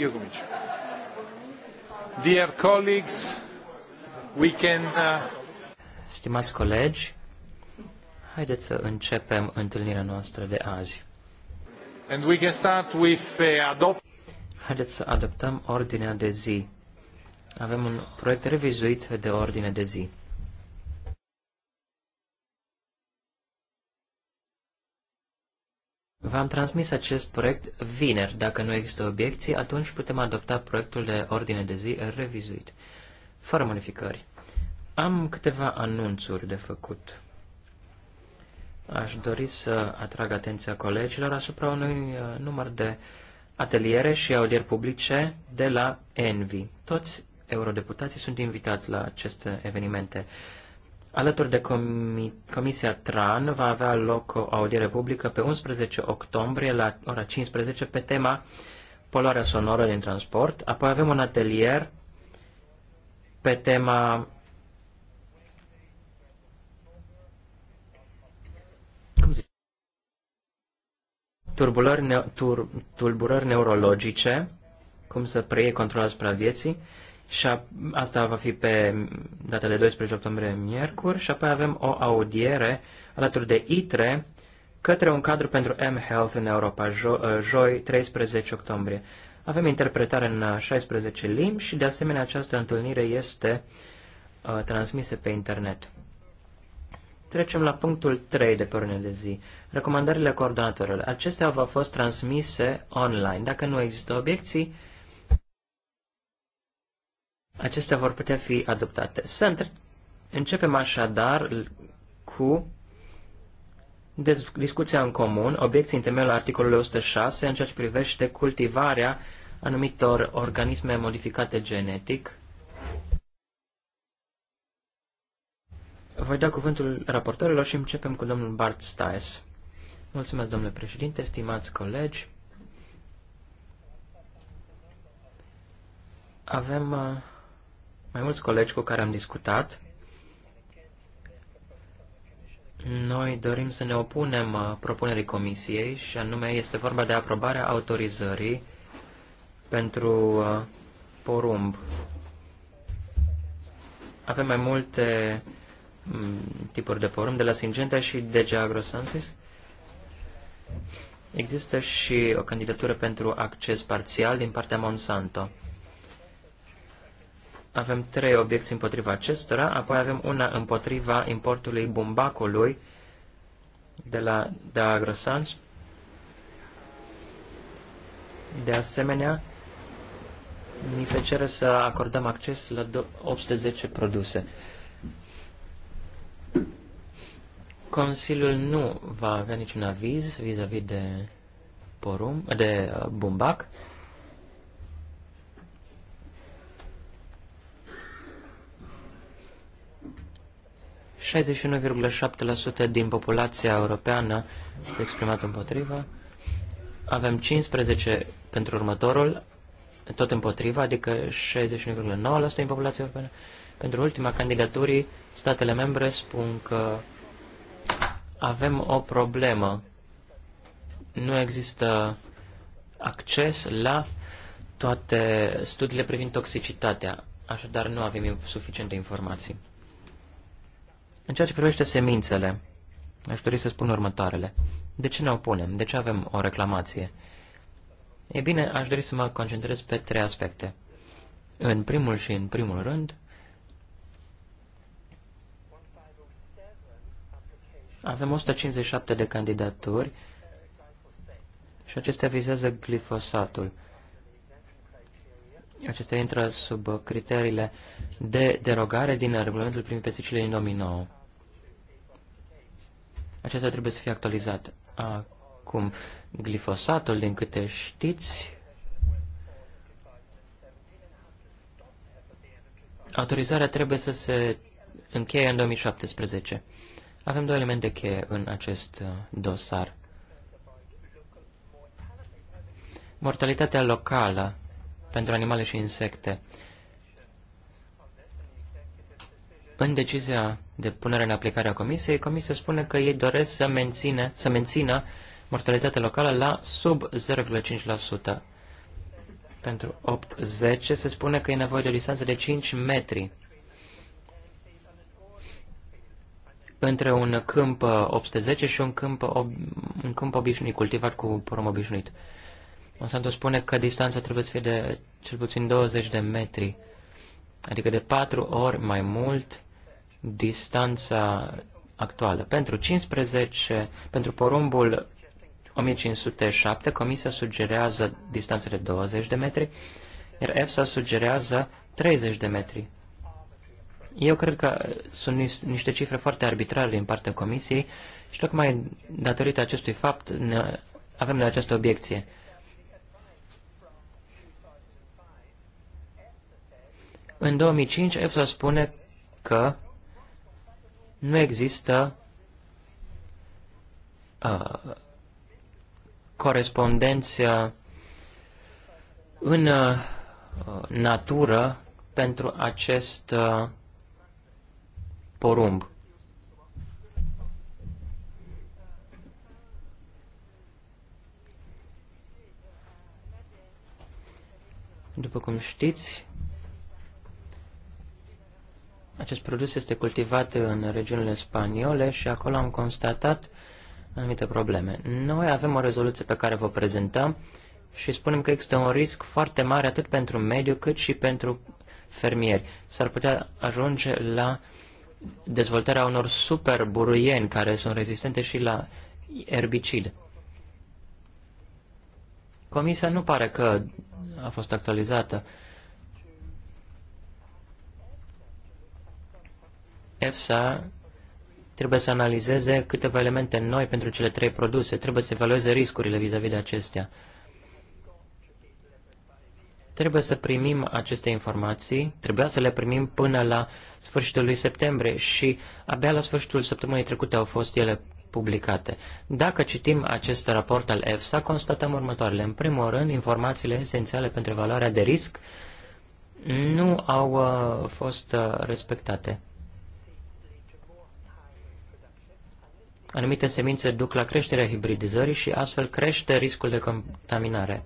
Io Dear colleagues, we can... Uh, Stimați colegi, haideți să începem întâlnirea noastră de azi. And we can start with uh, adopt... Haideți să adoptăm ordinea de zi. Avem un proiect revizuit de ordine de zi. V-am transmis acest proiect vineri. Dacă nu există obiecții, atunci putem adopta proiectul de ordine de zi revizuit, fără modificări. Am câteva anunțuri de făcut. Aș dori să atrag atenția colegilor asupra unui uh, număr de ateliere și audieri publice de la Envi. Toți eurodeputații sunt invitați la aceste evenimente. Alături de comi Comisia TRAN va avea loc o audiere publică pe 11 octombrie la ora 15 pe tema poluarea sonoră din transport. Apoi avem un atelier pe tema cum zic? turbulări, ne- tur- tulburări neurologice, cum să preie controlul asupra vieții. Și a, asta va fi pe data de 12 octombrie, miercuri, și apoi avem o audiere alături de ITRE către un cadru pentru M Health în Europa, jo- uh, joi 13 octombrie. Avem interpretare în 16 uh, limbi și, de asemenea, această întâlnire este uh, transmisă pe internet. Trecem la punctul 3 de pe de zi. Recomandările coordonatorilor. Acestea au fost transmise online. Dacă nu există obiecții, acestea vor putea fi adoptate. Să începem așadar cu discuția în comun, obiecții în temelul articolului 106 în ceea ce privește cultivarea anumitor organisme modificate genetic. Voi da cuvântul raportorilor și începem cu domnul Bart Stais. Mulțumesc, domnule președinte, stimați colegi. Avem uh, mai mulți colegi cu care am discutat, noi dorim să ne opunem uh, propunerii comisiei și anume este vorba de aprobarea autorizării pentru uh, porumb. Avem mai multe mm, tipuri de porumb, de la Singenta și de Geagrosantis. Există și o candidatură pentru acces parțial din partea Monsanto. Avem trei obiecții împotriva acestora, apoi avem una împotriva importului bumbacului de la de Agrosans. De asemenea, ni se cere să acordăm acces la 810 produse. Consiliul nu va avea niciun aviz vis-a-vis -vis de, porum, de uh, bumbac. 61,7% din populația europeană s-a exprimat împotriva. Avem 15 pentru următorul, tot împotriva, adică 61,9% din populația europeană. Pentru ultima candidaturii, statele membre spun că avem o problemă. Nu există acces la toate studiile privind toxicitatea, așadar nu avem suficiente informații. În ceea ce privește semințele, aș dori să spun următoarele. De ce ne opunem? De ce avem o reclamație? Ei bine, aș dori să mă concentrez pe trei aspecte. În primul și în primul rând, avem 157 de candidaturi și acestea vizează glifosatul. Acestea intră sub criteriile de derogare din regulamentul privind pesticidele din 2009. Aceasta trebuie să fie actualizat. Acum, glifosatul, din câte știți, autorizarea trebuie să se încheie în 2017. Avem două elemente cheie în acest uh, dosar. Mortalitatea locală pentru animale și insecte. În decizia de punere în aplicare a comisiei, comisia spune că ei doresc să, menține, să mențină mortalitatea locală la sub 0,5%. Pentru 8-10 se spune că e nevoie de o distanță de 5 metri între un câmp 810 și un câmp, un câmp obișnuit, cultivat cu porum obișnuit. Monsanto spune că distanța trebuie să fie de cel puțin 20 de metri, adică de 4 ori mai mult distanța actuală. Pentru 15, pentru porumbul 1507, Comisia sugerează distanțele 20 de metri, iar EFSA sugerează 30 de metri. Eu cred că sunt niște cifre foarte arbitrare din partea Comisiei și tocmai datorită acestui fapt ne avem de această obiecție. În 2005, EFSA spune că nu există uh, corespondență uh, în uh, natură pentru acest uh, porumb. După cum știți, acest produs este cultivat în regiunile spaniole și acolo am constatat anumite probleme. Noi avem o rezoluție pe care vă prezentăm și spunem că există un risc foarte mare atât pentru mediu cât și pentru fermieri. S-ar putea ajunge la dezvoltarea unor buruieni care sunt rezistente și la erbicid. Comisia nu pare că a fost actualizată. EFSA trebuie să analizeze câteva elemente noi pentru cele trei produse, trebuie să evalueze riscurile vis-a-vis -vis de acestea. Trebuie să primim aceste informații, trebuia să le primim până la sfârșitul lui septembrie și abia la sfârșitul săptămânii trecute au fost ele publicate. Dacă citim acest raport al EFSA, constatăm următoarele. În primul rând, informațiile esențiale pentru evaluarea de risc nu au uh, fost uh, respectate. anumite semințe duc la creșterea hibridizării și astfel crește riscul de contaminare.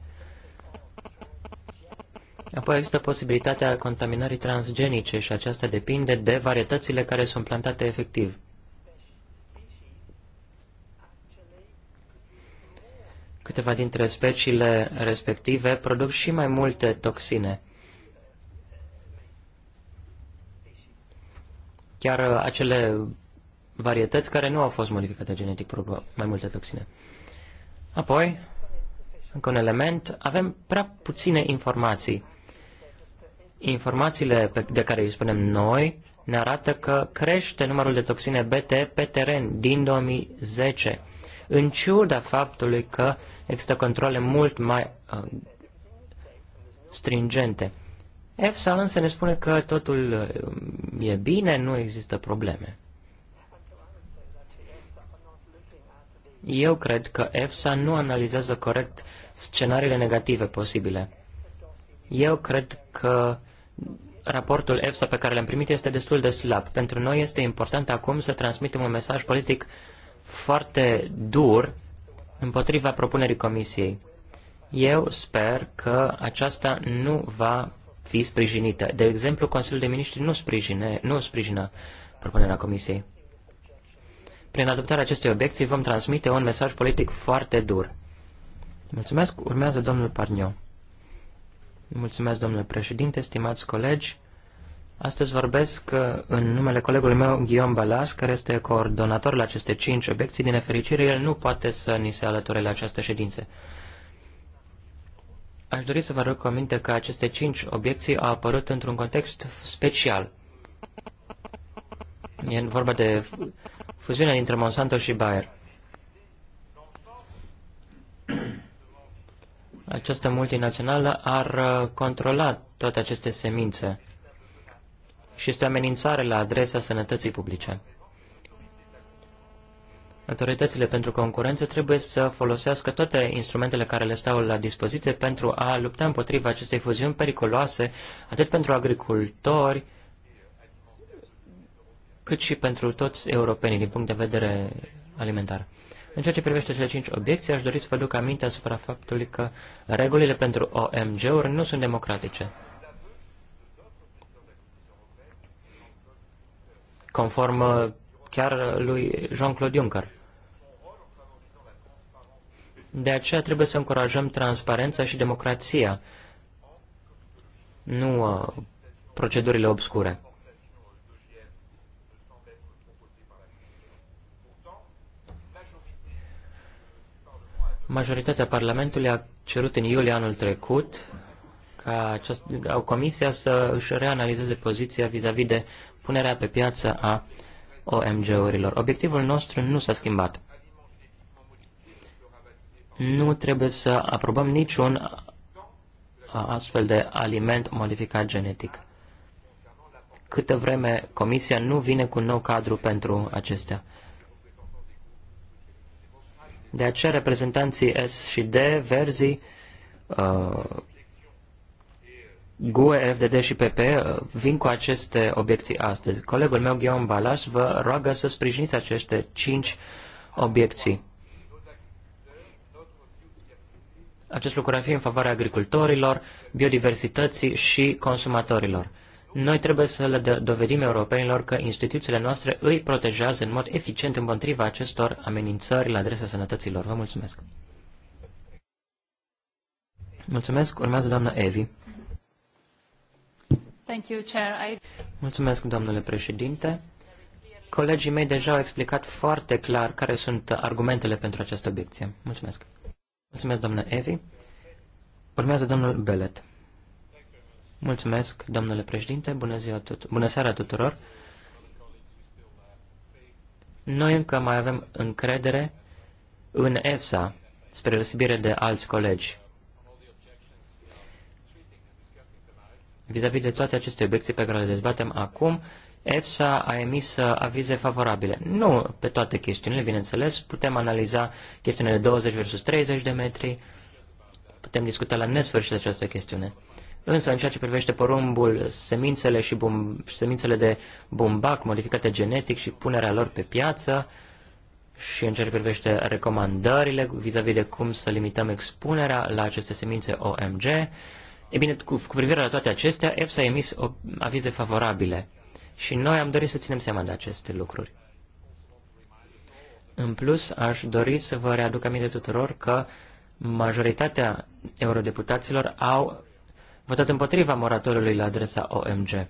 Apoi există posibilitatea contaminării transgenice și aceasta depinde de varietățile care sunt plantate efectiv. Câteva dintre speciile respective produc și mai multe toxine. Chiar acele varietăți care nu au fost modificate genetic, mai multe toxine. Apoi, încă un element, avem prea puține informații. Informațiile pe, de care îi spunem noi ne arată că crește numărul de toxine BT pe teren din 2010, în ciuda faptului că există controle mult mai uh, stringente. EFSA însă ne spune că totul uh, e bine, nu există probleme. Eu cred că EFSA nu analizează corect scenariile negative posibile. Eu cred că raportul EFSA pe care l-am primit este destul de slab. Pentru noi este important acum să transmitem un mesaj politic foarte dur împotriva propunerii Comisiei. Eu sper că aceasta nu va fi sprijinită. De exemplu, Consiliul de Ministri nu, sprijine, nu sprijină propunerea Comisiei. Prin adoptarea acestei obiecții vom transmite un mesaj politic foarte dur. Mulțumesc. Urmează domnul Parniu. Mulțumesc, domnule președinte, stimați colegi. Astăzi vorbesc uh, în numele colegului meu, Guillaume Balas, care este coordonator la aceste cinci obiecții. Din nefericire, el nu poate să ni se alăture la această ședință. Aș dori să vă rog aminte că aceste cinci obiecții au apărut într-un context special. E vorba de Fuziunea dintre Monsanto și Bayer. Această multinațională ar uh, controla toate aceste semințe și este o amenințare la adresa sănătății publice. Autoritățile pentru concurență trebuie să folosească toate instrumentele care le stau la dispoziție pentru a lupta împotriva acestei fuziuni periculoase, atât pentru agricultori, cât și pentru toți europenii din punct de vedere alimentar. În ceea ce privește cele cinci obiecții, aș dori să vă duc aminte asupra faptului că regulile pentru OMG-uri nu sunt democratice. Conform uh, chiar lui Jean-Claude Juncker. De aceea trebuie să încurajăm transparența și democrația, nu uh, procedurile obscure. Majoritatea Parlamentului a cerut în iulie anul trecut ca, aceast, ca Comisia să își reanalizeze poziția vis-a-vis -vis de punerea pe piață a OMG-urilor. Obiectivul nostru nu s-a schimbat. Nu trebuie să aprobăm niciun astfel de aliment modificat genetic. Câtă vreme Comisia nu vine cu un nou cadru pentru acestea. De aceea reprezentanții S și D, Verzi, uh, GUE, FDD și PP uh, vin cu aceste obiecții astăzi. Colegul meu, Ghion Balas, vă roagă să sprijiniți aceste cinci obiecții. Acest lucru ar fi în favoarea agricultorilor, biodiversității și consumatorilor. Noi trebuie să le dovedim europenilor că instituțiile noastre îi protejează în mod eficient împotriva acestor amenințări la adresa sănătății lor. Vă mulțumesc! Mulțumesc. Urmează doamna Evi. Thank you, Chair. I... Mulțumesc, domnule președinte. Colegii mei deja au explicat foarte clar care sunt argumentele pentru această obiecție. Mulțumesc. Mulțumesc, doamnă Evi. Urmează domnul Bellet. Mulțumesc, domnule președinte. Bună, ziua tut- bună seara tuturor. Noi încă mai avem încredere în EFSA, spre răsibire de alți colegi. Vis-a-vis -vis de toate aceste obiecții pe care le dezbatem acum, EFSA a emis uh, avize favorabile. Nu pe toate chestiunile, bineînțeles, putem analiza chestiunile 20 versus 30 de metri, putem discuta la nesfârșit această chestiune. Însă, în ceea ce privește porumbul, semințele, și bum, semințele de bumbac modificate genetic și punerea lor pe piață, și în ceea ce privește recomandările vis-a-vis -vis de cum să limităm expunerea la aceste semințe OMG, e bine, cu, cu privire la toate acestea, EFSA a emis o, avize favorabile și noi am dorit să ținem seama de aceste lucruri. În plus, aș dori să vă readuc aminte tuturor că majoritatea eurodeputaților au votat împotriva moratoriului la adresa OMG.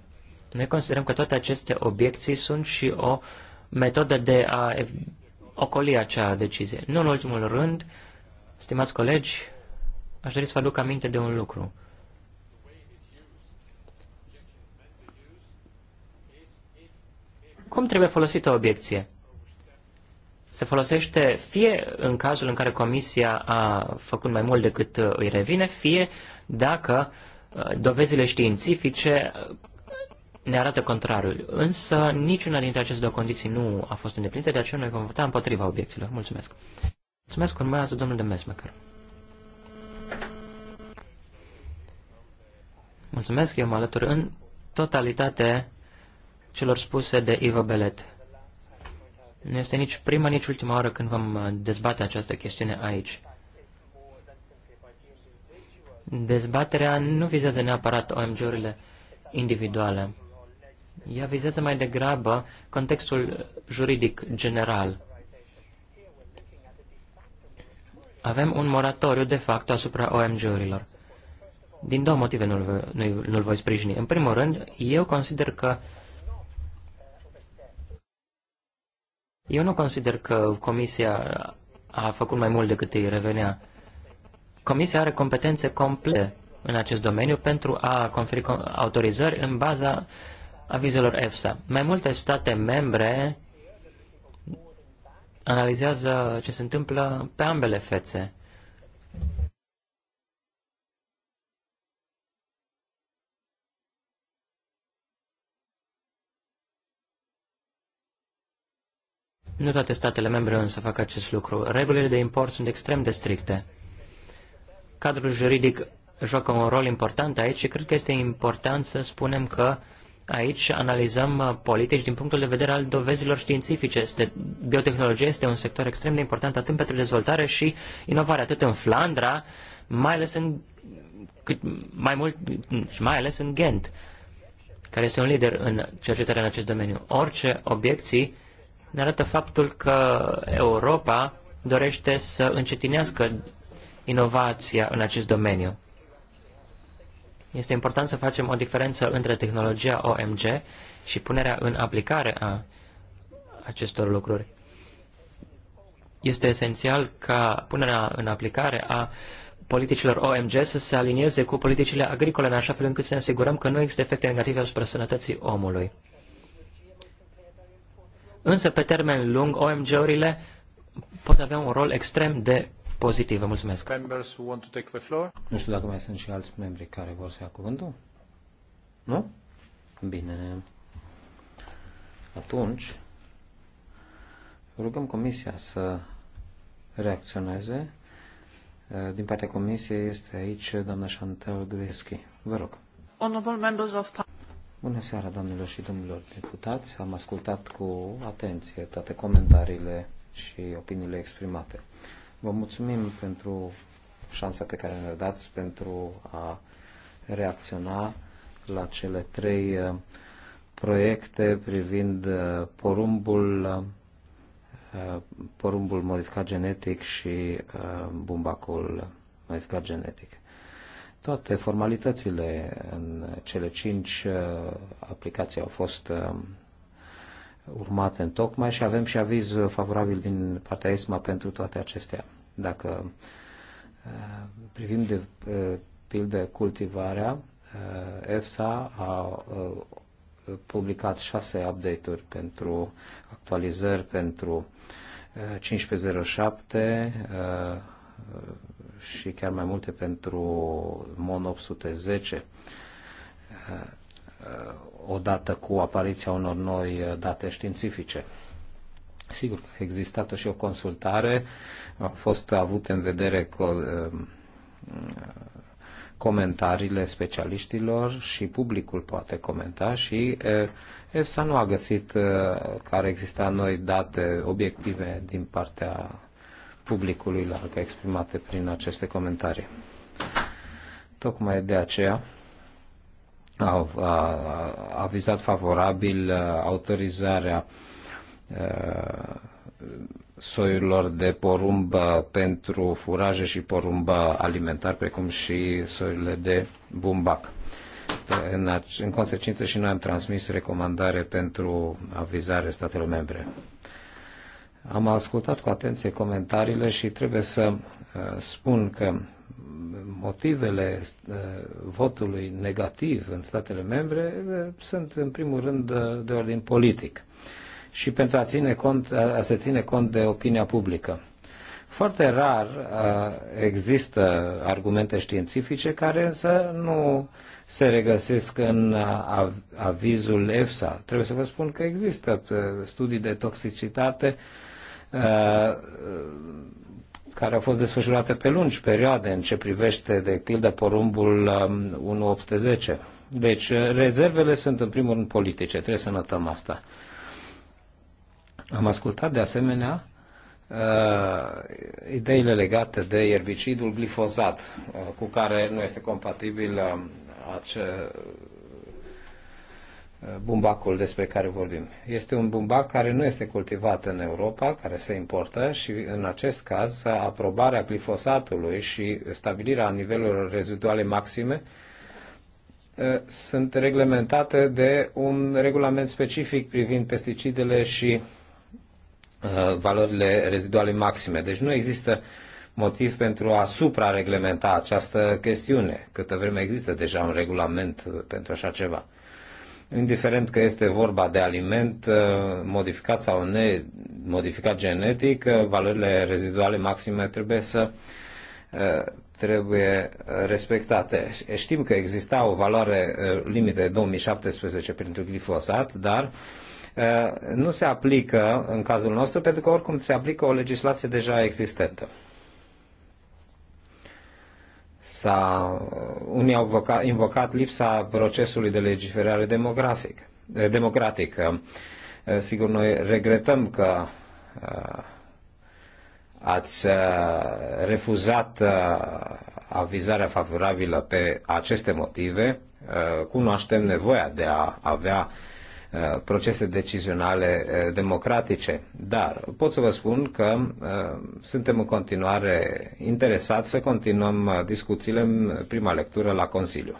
Noi considerăm că toate aceste obiecții sunt și o metodă de a ocoli acea decizie. Nu în ultimul rând, stimați colegi, aș dori să vă aduc aminte de un lucru. Cum trebuie folosită o obiecție? Se folosește fie în cazul în care comisia a făcut mai mult decât îi revine, fie dacă uh, dovezile științifice ne arată contrariul. Însă niciuna dintre aceste două condiții nu a fost îndeplinită, de aceea noi vom vota împotriva obiecțiilor. Mulțumesc. Mulțumesc, urmează domnul de Mesmecăr. Mulțumesc, eu mă alătur în totalitate celor spuse de Ivo Belet. Nu este nici prima, nici ultima oară când vom dezbate această chestiune aici. Dezbaterea nu vizează neapărat OMG-urile individuale. Ea vizează mai degrabă contextul juridic general. Avem un moratoriu de fapt asupra OMG-urilor. Din două motive nu-l, nu voi sprijini. În primul rând, eu consider că eu nu consider că Comisia a făcut mai mult decât îi revenea. Comisia are competențe complete în acest domeniu pentru a conferi autorizări în baza avizelor EFSA. Mai multe state membre analizează ce se întâmplă pe ambele fețe. Nu toate statele membre însă fac acest lucru. Regulile de import sunt extrem de stricte. Cadrul juridic joacă un rol important aici și cred că este important să spunem că aici analizăm uh, politici din punctul de vedere al dovezilor științifice. Este, biotehnologia este un sector extrem de important atât pentru dezvoltare și inovare, atât în Flandra, mai ales în, cât, mai mult, mai ales în Ghent, care este un lider în cercetarea în acest domeniu. Orice obiecții ne arată faptul că Europa dorește să încetinească inovația în acest domeniu. Este important să facem o diferență între tehnologia OMG și punerea în aplicare a acestor lucruri. Este esențial ca punerea în aplicare a politicilor OMG să se alinieze cu politicile agricole în așa fel încât să ne asigurăm că nu există efecte negative asupra sănătății omului. Însă, pe termen lung, OMG-urile pot avea un rol extrem de pozitivă. Mulțumesc. Nu știu dacă mai sunt și alți membri care vor să ia cuvântul. Nu? Bine. Atunci, rugăm Comisia să reacționeze. Din partea Comisiei este aici doamna Chantal Greschi. Vă rog. Honorable members of Bună seara, doamnelor și domnilor deputați. Am ascultat cu atenție toate comentariile și opiniile exprimate. Vă mulțumim pentru șansa pe care ne dați pentru a reacționa la cele trei uh, proiecte privind uh, porumbul, uh, porumbul modificat genetic și bumbacul modificat genetic. Toate formalitățile în cele cinci aplicații au fost urmate în tocmai și avem și aviz favorabil din partea ESMA pentru toate acestea. Dacă uh, privim de uh, pildă cultivarea, uh, EFSA a publicat șase update-uri pentru actualizări pentru 1507 și chiar mai multe pentru MON 810 odată cu apariția unor noi uh, date științifice. Sigur că a existat și o consultare, a fost avut în vedere co- uh, comentariile specialiștilor și publicul poate comenta și uh, EFSA nu a găsit că ar exista noi date obiective din partea publicului larg exprimate prin aceste comentarii. Tocmai de aceea a avizat favorabil autorizarea soiurilor de porumb pentru furaje și porumb alimentar, precum și soiurile de bumbac. În, în consecință și noi am transmis recomandare pentru avizare statelor membre. Am ascultat cu atenție comentariile și trebuie să spun că motivele ă, votului negativ în statele membre ă, sunt în primul rând ă, de ordin politic și pentru a, ține cont, a se ține cont de opinia publică. Foarte rar există argumente științifice care însă nu se regăsesc în avizul EFSA. Trebuie să vă spun că există studii de toxicitate care au fost desfășurate pe lungi perioade în ce privește, de pildă, porumbul 1810. Um, deci, uh, rezervele sunt în primul rând politice, trebuie să notăm asta. Am ascultat de asemenea uh, ideile legate de erbicidul glifozat, uh, cu care nu este compatibil uh, um, ace- bumbacul despre care vorbim. Este un bumbac care nu este cultivat în Europa, care se importă și în acest caz aprobarea glifosatului și stabilirea nivelurilor reziduale maxime sunt reglementate de un regulament specific privind pesticidele și valorile reziduale maxime. Deci nu există motiv pentru a suprareglementa această chestiune, câtă vreme există deja un regulament pentru așa ceva indiferent că este vorba de aliment uh, modificat sau nemodificat genetic, uh, valorile reziduale maxime trebuie să uh, trebuie respectate. Știm că exista o valoare limită de 2017 pentru glifosat, dar nu se aplică în cazul nostru pentru că oricum se aplică o legislație deja existentă. S-a, unii au voca, invocat lipsa procesului de legiferare demografic, eh, democratic. Eh, sigur, noi regretăm că eh, ați refuzat avizarea favorabilă pe aceste motive. Cunoaștem nevoia de a avea Uh, procese decizionale uh, democratice. Dar pot să vă spun că uh, suntem în continuare interesați să continuăm discuțiile în prima lectură la Consiliu.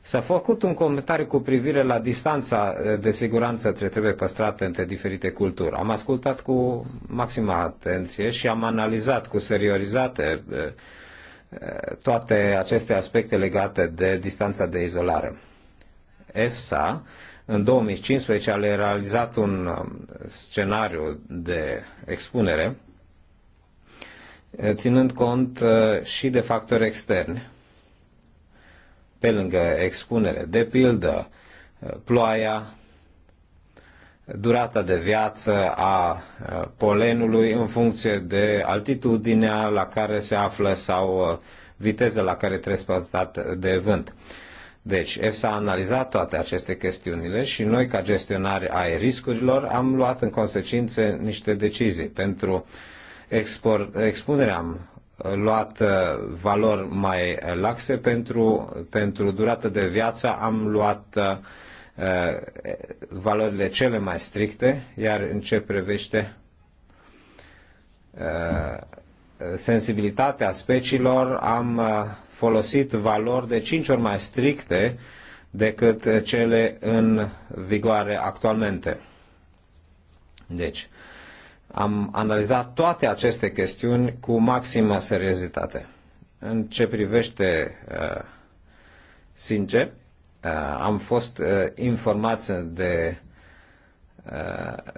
S-a făcut un comentariu cu privire la distanța de siguranță ce trebuie păstrată între diferite culturi. Am ascultat cu maximă atenție și am analizat cu seriorizate toate aceste aspecte legate de distanța de izolare. EFSA în 2015 a realizat un um, scenariu de expunere eh, ținând cont eh, și de factori externi. Pe lângă expunere, de pildă, eh, ploaia, durata de viață a polenului în funcție de altitudinea la care se află sau viteza la care trebuie transportat de vânt. Deci, EFSA a analizat toate aceste chestiunile și noi, ca gestionari ai riscurilor, am luat în consecință niște decizii. Pentru export, expunerea am luat uh, valori mai laxe, pentru, pentru durată de viață am luat uh, valorile cele mai stricte, iar în ce privește uh, sensibilitatea speciilor am uh, folosit valori de 5 ori mai stricte decât cele în vigoare actualmente. Deci, am analizat toate aceste chestiuni cu maximă seriozitate. În ce privește uh, sincer, uh, am fost uh, informați de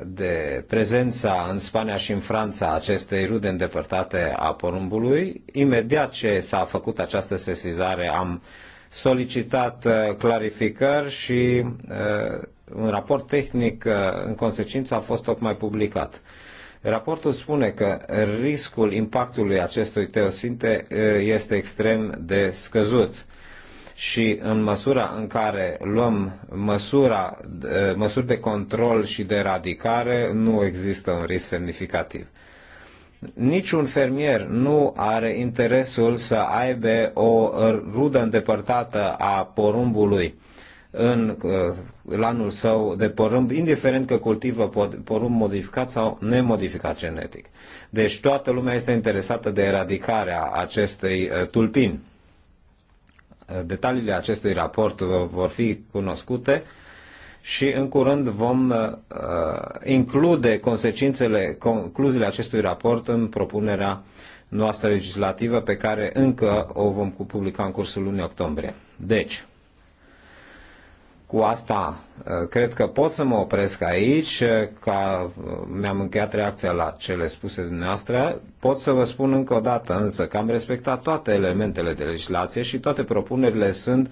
de prezența în Spania și în Franța acestei rude îndepărtate a porumbului. Imediat ce s-a făcut această sesizare am solicitat uh, clarificări și uh, un raport tehnic uh, în consecință a fost tocmai publicat. Raportul spune că riscul impactului acestui teosinte este extrem de scăzut și în măsura în care luăm măsura, măsuri de control și de eradicare, nu există un risc semnificativ. Niciun fermier nu are interesul să aibă o rudă îndepărtată a porumbului în uh, lanul său de porumb, indiferent că cultivă porumb modificat sau nemodificat genetic. Deci toată lumea este interesată de eradicarea acestei uh, tulpini Detaliile acestui raport vor fi cunoscute și în curând vom uh, include consecințele, concluziile acestui raport în propunerea noastră legislativă pe care încă o vom publica în cursul lunii octombrie. Deci, cu asta ă, cred că pot să mă opresc aici, ă, ca ă, mi-am încheiat reacția la cele spuse dumneavoastră. Pot să vă spun încă o dată însă că am respectat toate elementele de legislație și toate propunerile sunt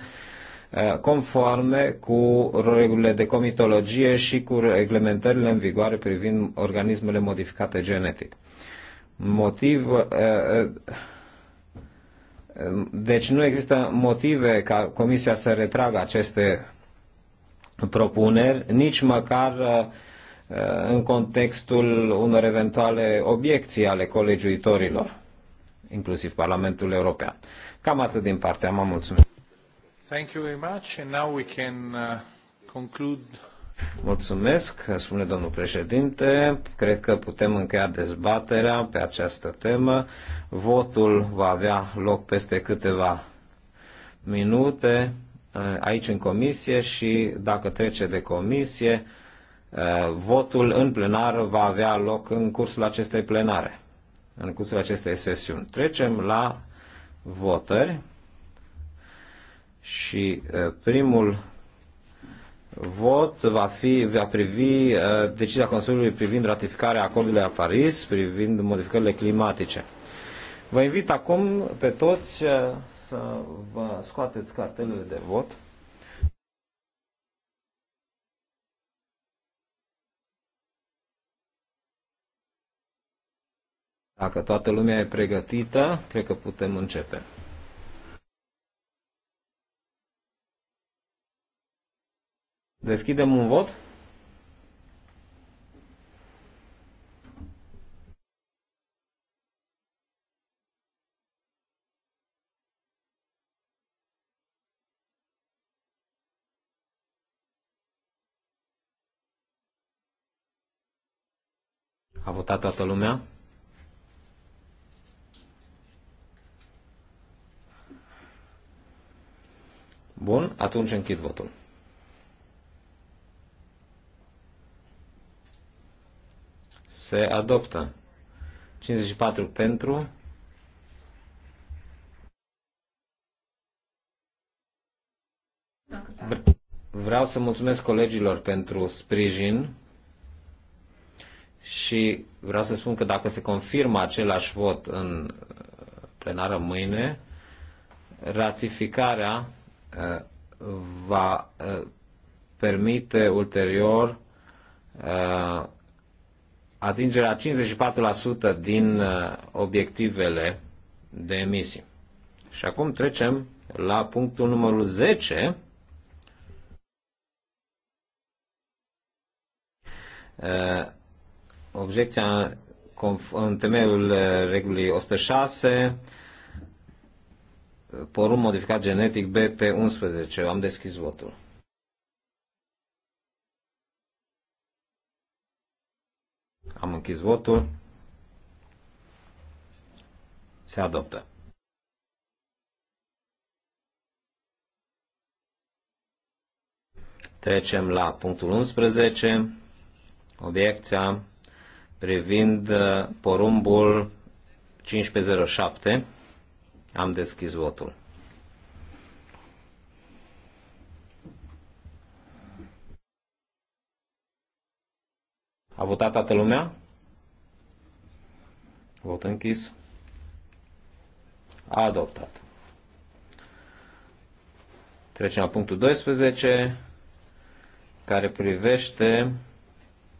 conforme cu regulile de comitologie și cu reglementările în vigoare privind organismele modificate genetic. Motiv, deci nu există motive ca Comisia să retragă aceste propuneri, nici măcar uh, uh, în contextul unor eventuale obiecții ale colegiuitorilor, inclusiv Parlamentul European. Cam atât din partea mea. Mulțumesc. Thank you very much and now we can uh, conclude Mulțumesc, spune domnul președinte. Cred că putem încheia dezbaterea pe această temă. Votul va avea loc peste câteva minute. Uh, aici în comisie și dacă trece de comisie, uh, votul în plenar va avea loc în cursul acestei plenare, în cursul acestei sesiuni. Trecem la votări și uh, primul vot va, fi, va privi decizia Consiliului privind ratificarea acordului la Paris, privind modificările climatice. Vă invit acum pe toți să vă scoateți cartelele de vot. Dacă toată lumea e pregătită, cred că putem începe. Deschidem un vot. ta toată lumea? Bun, atunci închid votul. Se adoptă. 54 pentru. Vreau să mulțumesc colegilor pentru sprijin și vreau să spun că dacă se confirmă același vot în uh, plenară mâine, ratificarea uh, va uh, permite ulterior atingerea 54% din obiectivele de emisii. Și acum trecem la punctul numărul 10. Obiecția în temeiul uh, regulii 106, porum modificat genetic BT11. Am deschis votul. Am închis votul. Se adoptă. Trecem la punctul 11. Obiecția privind uh, porumbul 1507. Am deschis votul. A votat toată lumea? Vot închis. A adoptat. Trecem la punctul 12, care privește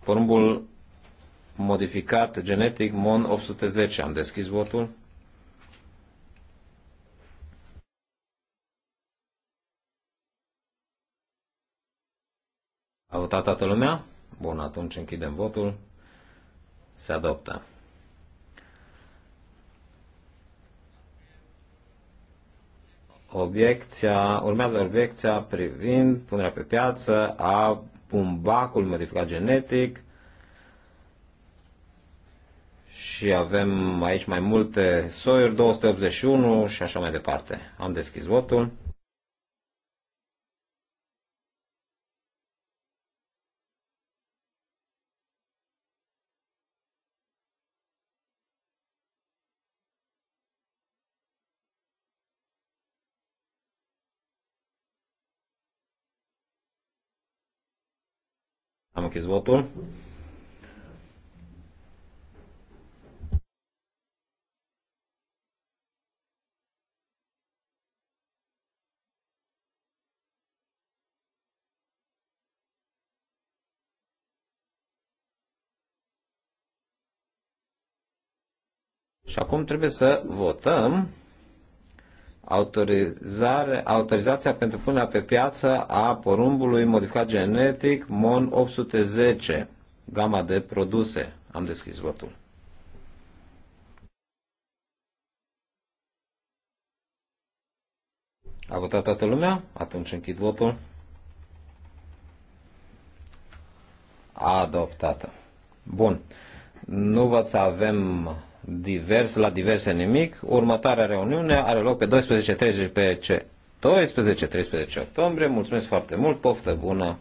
porumbul modificat genetic MON 810. Am deschis votul. A votat toată lumea? Bun, atunci închidem votul. Se adoptă. Obiecția, urmează obiecția privind punerea pe piață a bumbacului modificat genetic și avem aici mai multe soiuri, 281 și așa mai departe. Am deschis votul. Am închis votul. Și acum trebuie să votăm autorizare, autorizația pentru punerea pe piață a porumbului modificat genetic MON 810, gama de produse. Am deschis votul. A votat toată lumea? Atunci închid votul. Adoptată. Bun. Nu văd să avem divers, la diverse nimic. Următoarea reuniune are loc pe 12-13 pe 12-13 octombrie. Mulțumesc foarte mult, poftă bună!